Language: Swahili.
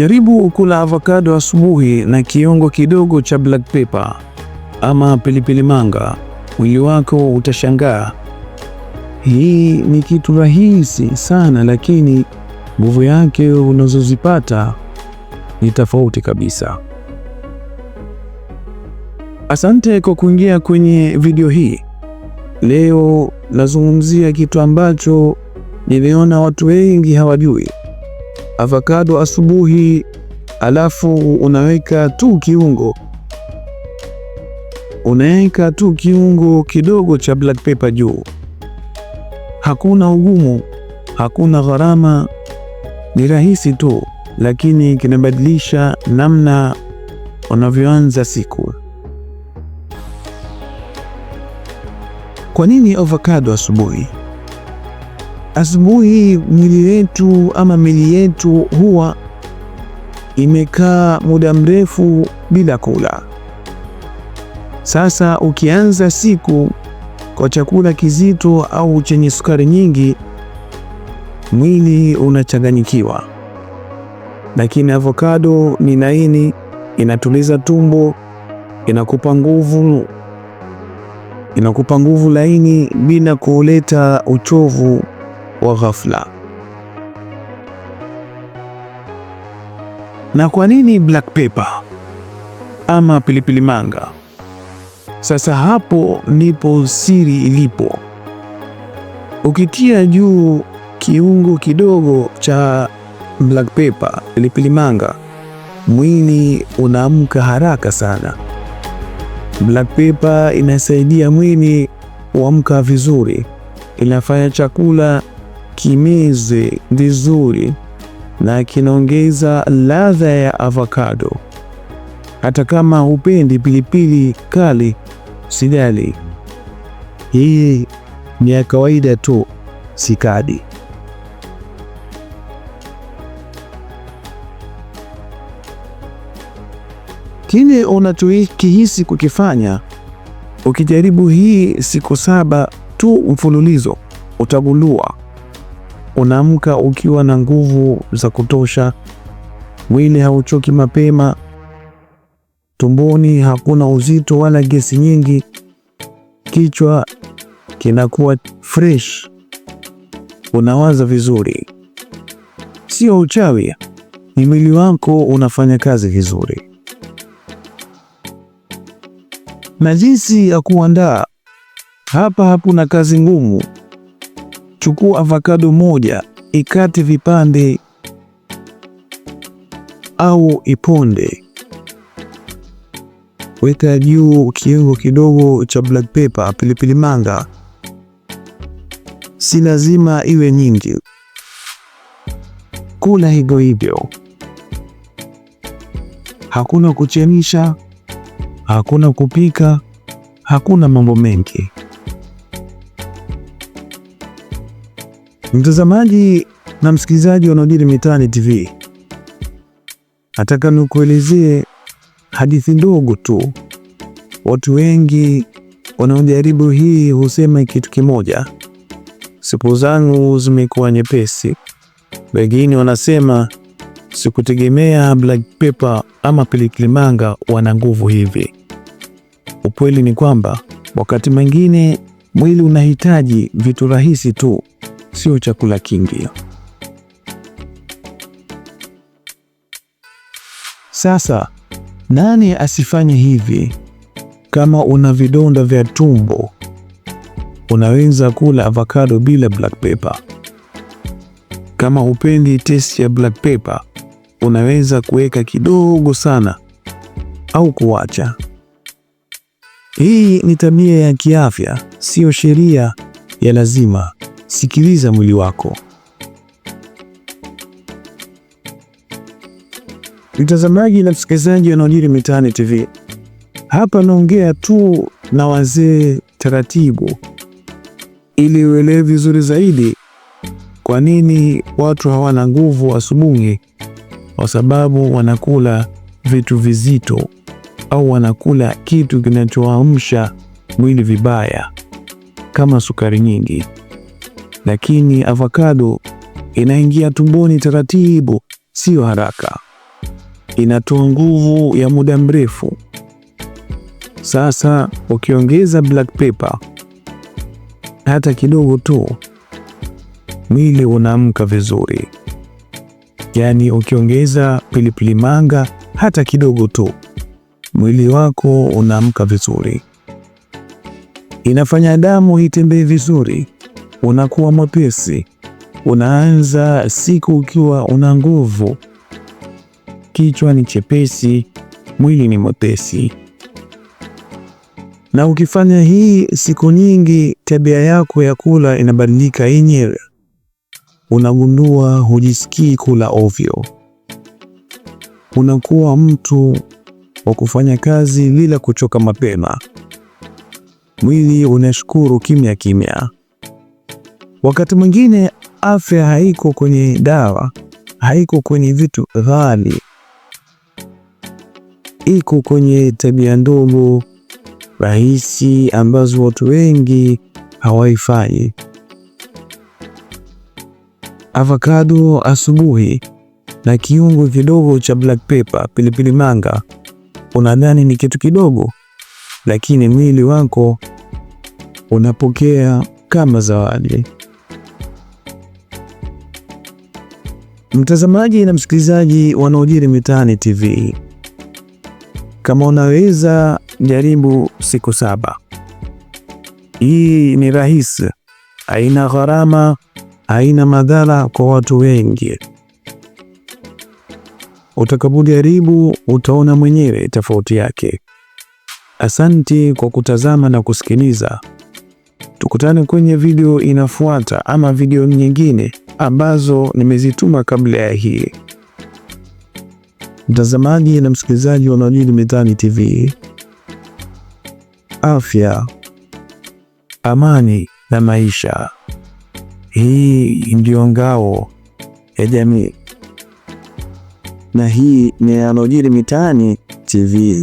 Jaribu kula avocado asubuhi na kiungo kidogo cha black pepper ama pilipili manga. Mwili wako utashangaa. Hii ni kitu rahisi sana, lakini nguvu yake unazozipata ni tofauti kabisa. Asante kwa kuingia kwenye video hii. Leo nazungumzia kitu ambacho niliona watu wengi hawajui avocado asubuhi, alafu unaweka tu kiungo unaweka tu kiungo kidogo cha black pepper juu. Hakuna ugumu, hakuna gharama, ni rahisi tu, lakini kinabadilisha namna unavyoanza siku. Kwa nini avocado asubuhi? Asubuhi mwili wetu ama mili yetu huwa imekaa muda mrefu bila kula. Sasa ukianza siku kwa chakula kizito au chenye sukari nyingi, mwili unachanganyikiwa. Lakini avokado ni laini, inatuliza tumbo, inakupa nguvu, inakupa nguvu laini bila kuleta uchovu wa ghafla. Na kwa nini black pepper ama pilipili manga? Sasa hapo ndipo siri ilipo. Ukitia juu kiungo kidogo cha black pepper, pilipili manga, mwili unaamka haraka sana. Black pepper inasaidia mwili kuamka vizuri, inafanya chakula kimeze vizuri na kinaongeza ladha ya avocado. Hata kama hupendi pilipili kali, sijali, hii ni ya kawaida tu, si kadi. Kile unachokihisi kukifanya ukijaribu hii siku saba tu mfululizo, utagundua unaamka ukiwa na nguvu za kutosha, mwili hauchoki mapema, tumboni hakuna uzito wala gesi nyingi, kichwa kinakuwa fresh, unawaza vizuri. Sio uchawi, ni mwili wako unafanya kazi vizuri. Na jinsi ya kuandaa, hapa hakuna kazi ngumu. Chukua avocado moja, ikate vipande au iponde. Weka juu kiungo kidogo cha black pepper, pilipili manga, si lazima iwe nyingi. Kula hivyo hivyo, hakuna kuchemsha, hakuna kupika, hakuna mambo mengi. Mtazamaji na yanayojiri mitaani TV, nataka nikuelezee hadithi ndogo tu. Watu wengi wanaojaribu hii husema kitu kimoja, siku zangu zimekuwa nyepesi. Wengine wanasema sikutegemea black pepper ama pilipili manga wana nguvu hivi. Ukweli ni kwamba wakati mwingine mwili unahitaji vitu rahisi tu sio chakula kingi. Sasa nani asifanye hivi? Kama una vidonda vya tumbo, unaweza kula avocado bila black pepper. Kama hupendi taste ya black pepper, unaweza kuweka kidogo sana au kuacha. Hii ni tabia ya kiafya, siyo sheria ya lazima. Sikiliza mwili wako. Mtazamaji na msikilizaji yanayojiri mitaani TV, hapa naongea tu na wazee taratibu, ili uelewe vizuri zaidi kwa nini watu hawana nguvu asubuhi. Kwa sababu wanakula vitu vizito au wanakula kitu kinachoamsha mwili vibaya kama sukari nyingi lakini avocado inaingia tumboni taratibu, sio haraka. Inatoa nguvu ya muda mrefu. Sasa ukiongeza black pepper hata kidogo tu, mwili unaamka vizuri. Yaani ukiongeza pilipili manga hata kidogo tu, mwili wako unaamka vizuri, inafanya damu itembee vizuri unakuwa mwepesi, unaanza siku ukiwa una nguvu, kichwa ni chepesi, mwili ni mwepesi. Na ukifanya hii siku nyingi, tabia yako ya kula inabadilika yenyewe. Unagundua hujisikii kula ovyo, unakuwa mtu wa kufanya kazi bila kuchoka mapema. Mwili unashukuru kimya kimya. Wakati mwingine afya haiko kwenye dawa, haiko kwenye vitu ghali, iko kwenye tabia ndogo rahisi ambazo watu wengi hawaifanyi. Avocado asubuhi na kiungo kidogo cha black pepper, pilipili manga. Unadhani ni kitu kidogo, lakini mwili wako unapokea kama zawadi. Mtazamaji na msikilizaji wanaojiri mitaani TV, kama unaweza jaribu siku saba. Hii ni rahisi, haina gharama, haina madhara kwa watu wengi. Utakapojaribu utaona mwenyewe tofauti yake. Asanti kwa kutazama na kusikiliza. Tukutane kwenye video inafuata ama video nyingine ambazo nimezituma kabla ya hii. Mtazamaji na msikilizaji wa yanayojiri mitaani TV, afya, amani na maisha, hii ndiyo ngao ya jamii, na hii ni yanayojiri mitaani TV.